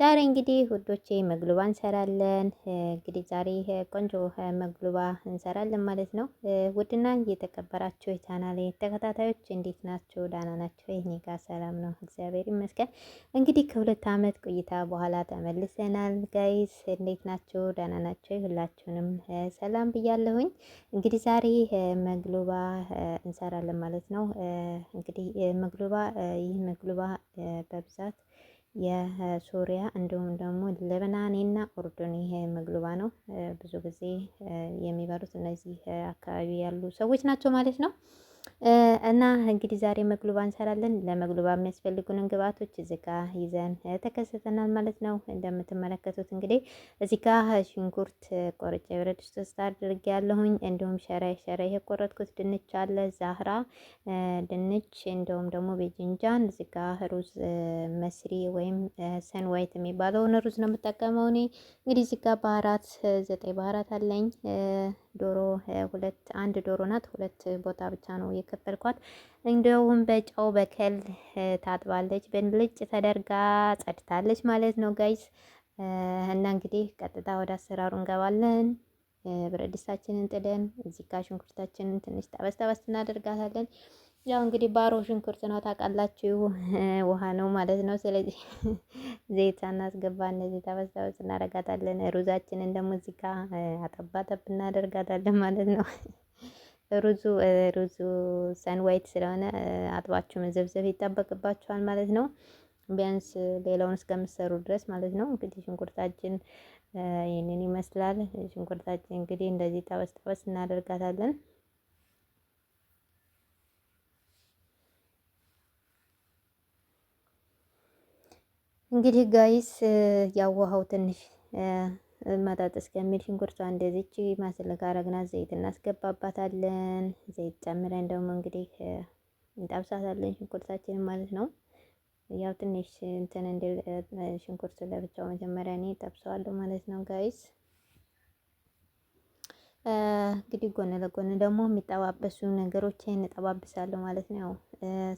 ዛሬ እንግዲህ ውዶቼ መግሉባ እንሰራለን። እንግዲህ ዛሬ ቆንጆ መግሉባ እንሰራለን ማለት ነው። ውድና እየተከበራችሁ የቻናሌ ተከታታዮች እንዴት ናችሁ? ዳና ናቸው። ይህኔ ሰላም ነው፣ እግዚአብሔር ይመስገን። እንግዲህ ከሁለት ዓመት ቆይታ በኋላ ተመልሰናል። ጋይስ እንዴት ናችሁ? ዳና ናቸው። ሁላችሁንም ሰላም ብያለሁኝ። እንግዲህ ዛሬ መግሉባ እንሰራለን ማለት ነው። እንግዲህ መግሉባ ይህ መግሉባ በብዛት የሱሪያ እንዲሁም ደግሞ ለበናኔና ኦርዶን ይሄ መግሉባ ነው። ብዙ ጊዜ የሚበሉት እነዚህ አካባቢ ያሉ ሰዎች ናቸው ማለት ነው። እና እንግዲህ ዛሬ መግሉባ እንሰራለን። ለመግሉባ የሚያስፈልጉንን ግብአቶች እዚህ ጋ ይዘን ተከስተናል ማለት ነው። እንደምትመለከቱት እንግዲህ እዚህ ጋ ሽንኩርት ቆርጬ ብረት ድስት ውስጥ አድርጌ ያለሁኝ። እንዲሁም ሸራይ ሸራይ የቆረጥኩት ድንች አለ፣ ዛህራ ድንች፣ እንዲሁም ደግሞ ቤጅንጃን። እዚህ ጋ ሩዝ መስሪ ወይም ሰን ዋይት የሚባለውን ሩዝ ነው የምጠቀመው እኔ። እንግዲህ እዚህ ጋ ባህራት ዘጠኝ ባህራት አለኝ ዶሮ ሁለት አንድ ዶሮ ናት። ሁለት ቦታ ብቻ ነው የከፈልኳት። እንደውም በጨው በከል ታጥባለች፣ በልጭ ተደርጋ ጸድታለች ማለት ነው ጋይስ። እና እንግዲህ ቀጥታ ወደ አሰራሩ እንገባለን። ብረት ድስታችንን ጥደን እዚህ ጋር ሽንኩርታችንን ትንሽ ጠበስ ጠበስ እናደርጋታለን። ያው እንግዲህ ባሮ ሽንኩርት ነው ታውቃላችሁ፣ ውሃ ነው ማለት ነው። ስለዚህ ዘይት ሳናስገባ እነዚህ ተበሳበስ እናረጋታለን። ሩዛችንን ደግሞ እዚህ ጋ አጠባጠብ እናደርጋታለን ማለት ነው። ሩዙ ሩዙ ሰንዋይት ስለሆነ አጥባችሁ መዘብዘብ ይጠበቅባችኋል ማለት ነው። ቢያንስ ሌላውን እስከምሰሩ ድረስ ማለት ነው። እንግዲህ ሽንኩርታችን ይህንን ይመስላል። ሽንኩርታችን እንግዲህ እንደዚህ ጠበስ ጠበስ እናደርጋታለን። እንግዲህ ጋይስ ያወሃው ትንሽ መጠጥ እስከሚል ሽንኩርቷ እንደዚች ማስለካ አረግናት፣ ዘይት እናስገባባታለን። ዘይት ጨምረን ደግሞ እንግዲህ እንጠብሳታለን ሽንኩርታችንን ማለት ነው። ያው ትንሽ እንትን እንዲል ሽንኩርት ለብቻው መጀመሪያ እኔ ጠብሰዋለሁ ማለት ነው ጋይስ። እንግዲህ ጎን ለጎን ደግሞ የሚጠባበሱ ነገሮች እንጠባብሳለሁ ማለት ነው።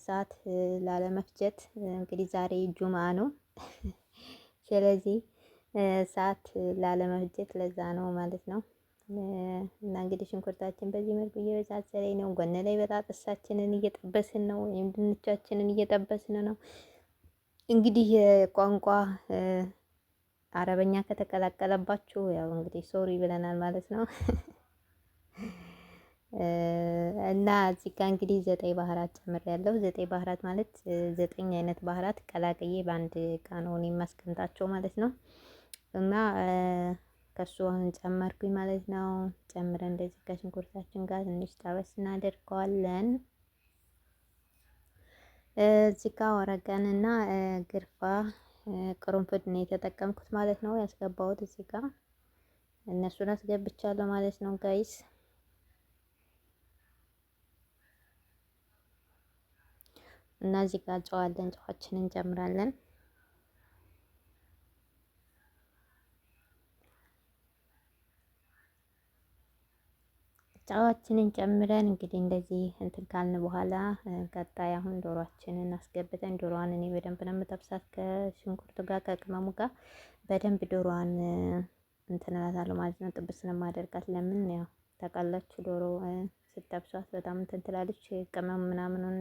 ሰዓት ላለመፍጀት እንግዲህ ዛሬ ጁማ ነው። ስለዚህ ሰዓት ላለመፍጀት ለዛ ነው ማለት ነው። እና እንግዲህ ሽንኩርታችን በዚህ መልኩ እየበሳሰለኝ ነው። ጎን ላይ በጣጥሳችንን እየጠበስን ነው ወይም ድንቻችንን እየጠበስን ነው። እንግዲህ የቋንቋ አረበኛ ከተቀላቀለባችሁ ያው እንግዲህ ሶሪ ብለናል ማለት ነው። እና እዚህ እንግዲህ ዘጠኝ ባህራት ያለው ዘጠኝ ባህራት ማለት ዘጠኝ አይነት ባህራት ቀላቅዬ በአንድ እቃ ነው የማስቀምጣቸው ማለት ነው። እና ከሱ አሁን ጨመርኩኝ ማለት ነው። ጨምረን እንደዚህ ከሽንኩርታችን ጋር ትንሽ ጣበስ እናደርገዋለን። እዚህ ወረቀን እና ግርፋ ቅርንፉድ ነው የተጠቀምኩት ማለት ነው ያስገባሁት። እዚህ ጋ እነሱን አስገብቻለሁ ማለት ነው ጋይስ እና እዚህ ጋር ጨዋለን ጨዋችን እንጨምራለን። ጨዋችንን ጨምረን እንግዲህ እንደዚህ እንትን ካልን በኋላ ቀጣይ አሁን ዶሯችንን አስገብተን ዶሮዋን እኔ በደንብ ነው የምጠብሳት ከሽንኩርቱ ጋር ከቅመሙ ጋር በደንብ ዶሮዋን እንትን እላታለሁ ማለት ነው። ጥብስ ነው የማደርጋት። ለምን ያው ታውቃላችሁ ዶሮ ስታብሷት በጣም እንትን ትላለች። ቅመም ምናምኑን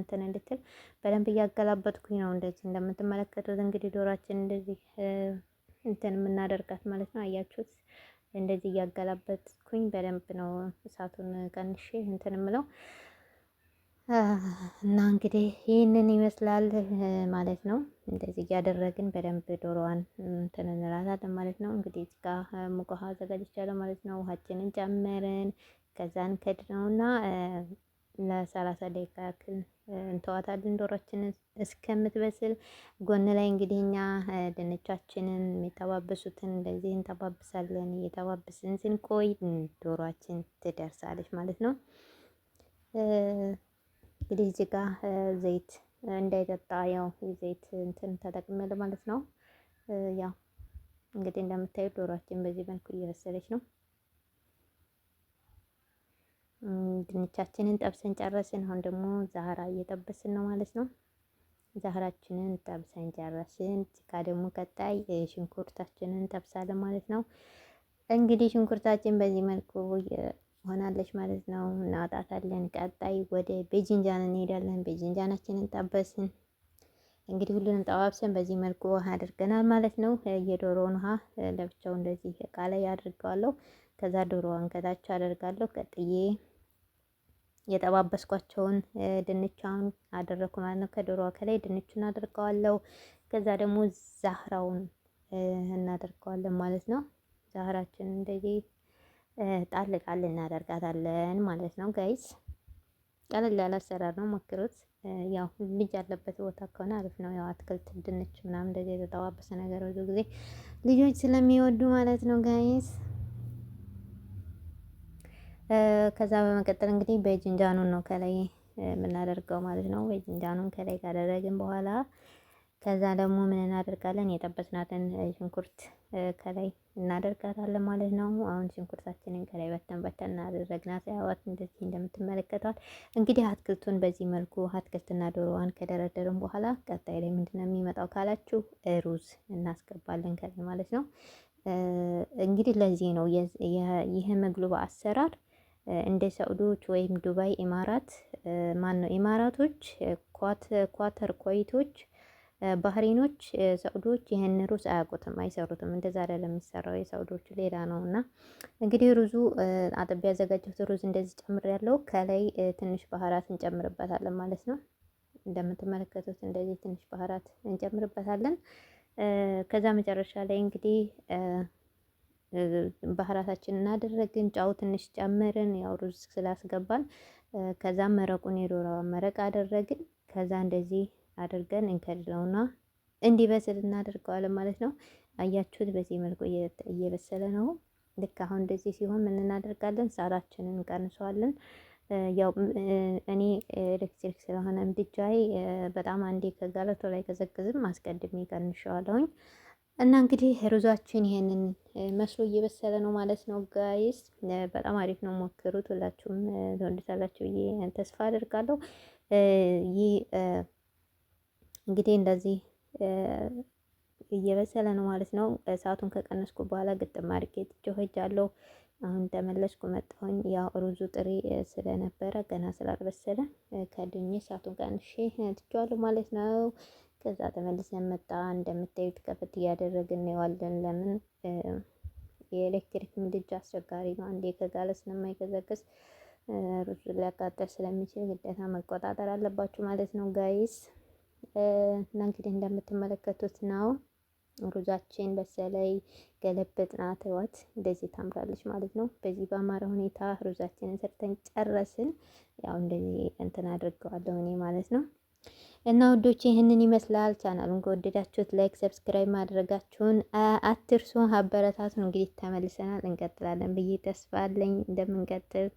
እንትን እንድትል በደንብ እያገላበጥኩኝ ነው። እንደዚህ እንደምትመለከቱት እንግዲህ ዶሯችን እንደዚህ እንትን የምናደርጋት ማለት ነው። አያችሁት? እንደዚህ እያገላበጥኩኝ በደንብ ነው እሳቱን ቀንሼ እንትን ምለው እና እንግዲህ ይህንን ይመስላል ማለት ነው። እንደዚህ እያደረግን በደንብ ዶሮዋን እንትን እንላታለን ማለት ነው። እንግዲህ እዚህ ጋ ሙቅ ውሃ አዘጋጅቻለሁ ማለት ነው። ውሃችንን ጨመርን። ከዛን ከድነውና ለሰላሳ ደቂቃ ያክል እንተዋታለን ዶሮችን እስከምትበስል። ጎን ላይ እንግዲህ እኛ ድንቻችንን የተባበሱትን እንደዚህ እንጠባብሳለን። እየጠባበስን ስንቆይ ዶሯችን ትደርሳለች ማለት ነው። እንግዲህ እዚህ ጋ ዘይት እንዳይጠጣ ያው የዘይት እንትን ተጠቅሜያለሁ ማለት ነው። ያው እንግዲህ እንደምታዩት ዶሯችን በዚህ መልኩ እየበሰለች ነው። ድንቻችንን ጠብሰን ጨረስን። አሁን ደግሞ ዛህራ እየጠበስን ነው ማለት ነው። ዛህራችንን ጠብሰን ጨረስን። ካ ደግሞ ቀጣይ ሽንኩርታችንን ጠብሳለን ማለት ነው። እንግዲህ ሽንኩርታችን በዚህ መልኩ ሆናለች ማለት ነው። እናወጣታለን። ቀጣይ ወደ ቤጅንጃን እንሄዳለን። ቤጅንጃናችንን ጠበስን። እንግዲህ ሁሉንም ጠዋብሰን በዚህ መልኩ ውሃ አድርገናል ማለት ነው። የዶሮውን ውሃ ለብቻው እንደዚህ እቃ ላይ አድርገዋለሁ። ከዛ ዶሮ አንገታቸው አደርጋለሁ ቀጥዬ የጠባበስኳቸውን ድንቿን አደረኩ ማለት ነው። ከዶሮዋ ከላይ ድንቹን አድርገዋለሁ። ከዛ ደግሞ ዛህራውን እናደርገዋለን ማለት ነው። ዛህራችን እንደዚህ ጣል ጣል እናደርጋታለን ማለት ነው። ጋይስ ቀለል ያለ አሰራር ነው፣ ሞክሩት። ያው ልጅ ያለበት ቦታ ከሆነ አሪፍ ነው። ያው አትክልት ድንች ምናምን እንደዚህ የተጠባበሰ ነገር ብዙ ጊዜ ልጆች ስለሚወዱ ማለት ነው ጋይስ ከዛ በመቀጠል እንግዲህ በጅንጃኑን ነው ከላይ የምናደርገው ማለት ነው። በጅንጃኑን ከላይ ካደረግን በኋላ ከዛ ደግሞ ምን እናደርጋለን? የጠበስናትን ሽንኩርት ከላይ እናደርጋታለን ማለት ነው። አሁን ሽንኩርታችንን ከላይ በተን በተን እናደረግናት ያዋት እንደዚህ እንደምትመለከቷት እንግዲህ አትክልቱን በዚህ መልኩ አትክልትና ዶሮዋን ከደረደርን በኋላ ቀጣይ ላይ ምንድነው የሚመጣው ካላችሁ ሩዝ እናስገባለን ከላይ ማለት ነው። እንግዲህ ለዚህ ነው ይህ ምግሉ አሰራር እንደ ሳውዲዎች ወይም ዱባይ፣ ኢማራት ማን ነው ኢማራቶች፣ ኳተር፣ ኮይቶች፣ ባህሬኖች፣ ሳውዲዎች ይህን ሩዝ አያውቁትም፣ አይሰሩትም። እንደዛ አይደለም የሚሰራው የሳዑዶቹ ሌላ ነው። እና እንግዲህ ሩዙ አጥቤ ያዘጋጀሁት ሩዝ እንደዚህ ጨምር ያለው ከላይ ትንሽ ባህራት እንጨምርበታለን ማለት ነው። እንደምትመለከቱት እንደዚህ ትንሽ ባህራት እንጨምርበታለን። ከዛ መጨረሻ ላይ እንግዲህ ባህራታችን እናደረግን ጫው ትንሽ ጨመርን። ያው ሩዝ ስላስገባን ከዛ መረቁን የዶሮ መረቅ አደረግን። ከዛ እንደዚህ አድርገን እንከድነውና እንዲበስል እናደርገዋለን ማለት ነው። አያችሁት፣ በዚህ መልኩ እየበሰለ ነው። ልክ አሁን እንደዚህ ሲሆን ምን እናደርጋለን? ሳራችንን እንቀንሰዋለን። ያው እኔ ኤሌክትሪክ ስለሆነ ምድጃዬ በጣም አንዴ ከጋለቶ ላይ አይቀዘቅዝም። አስቀድሜ ቀንሸዋለሁኝ። እና እንግዲህ ሩዛችን ይሄንን መስሎ እየበሰለ ነው ማለት ነው ጋይስ። በጣም አሪፍ ነው፣ ሞክሩት። ሁላችሁም ትወዱታላችሁ ብዬ ተስፋ አደርጋለሁ። ይህ እንግዲህ እንደዚህ እየበሰለ ነው ማለት ነው። ሰዓቱን ከቀነስኩ በኋላ ግጥም አድርጌ ጥጄው አሁን ተመለስኩ መጣሁኝ። ያው ሩዙ ጥሬ ስለነበረ ገና ስላልበሰለ ከድኜ ሰዓቱን ቀንሼ ትቼዋለሁ ማለት ነው። ከዛ ተመልሰን መጣ። እንደምታዩት ከፍት እያደረግን የዋለን። ለምን የኤሌክትሪክ ምድጃ አስቸጋሪ ነው። አንዴ ከጋለ ስለማይቀዘቅዝ ሩዝ ሊያቃጠል ስለሚችል ግዴታ መቆጣጠር አለባችሁ ማለት ነው ጋይስ። እና እንግዲህ እንደምትመለከቱት ነው ሩዛችን በሰለይ ገለበጥናት። ህይወት እንደዚህ ታምራለች ማለት ነው። በዚህ በአማረ ሁኔታ ሩዛችንን ሰርተን ጨረስን። ያው እንደዚህ እንትን አድርገዋለሁ እኔ ማለት ነው። እና ውዶች ይህንን ይመስላል። ቻናሉን ከወደዳችሁት ላይክ፣ ሰብስክራይብ ማድረጋችሁን አትርሱ። አበረታቱን። እንግዲህ ተመልሰናል እንቀጥላለን ብዬ ተስፋ አለኝ እንደምንቀጥል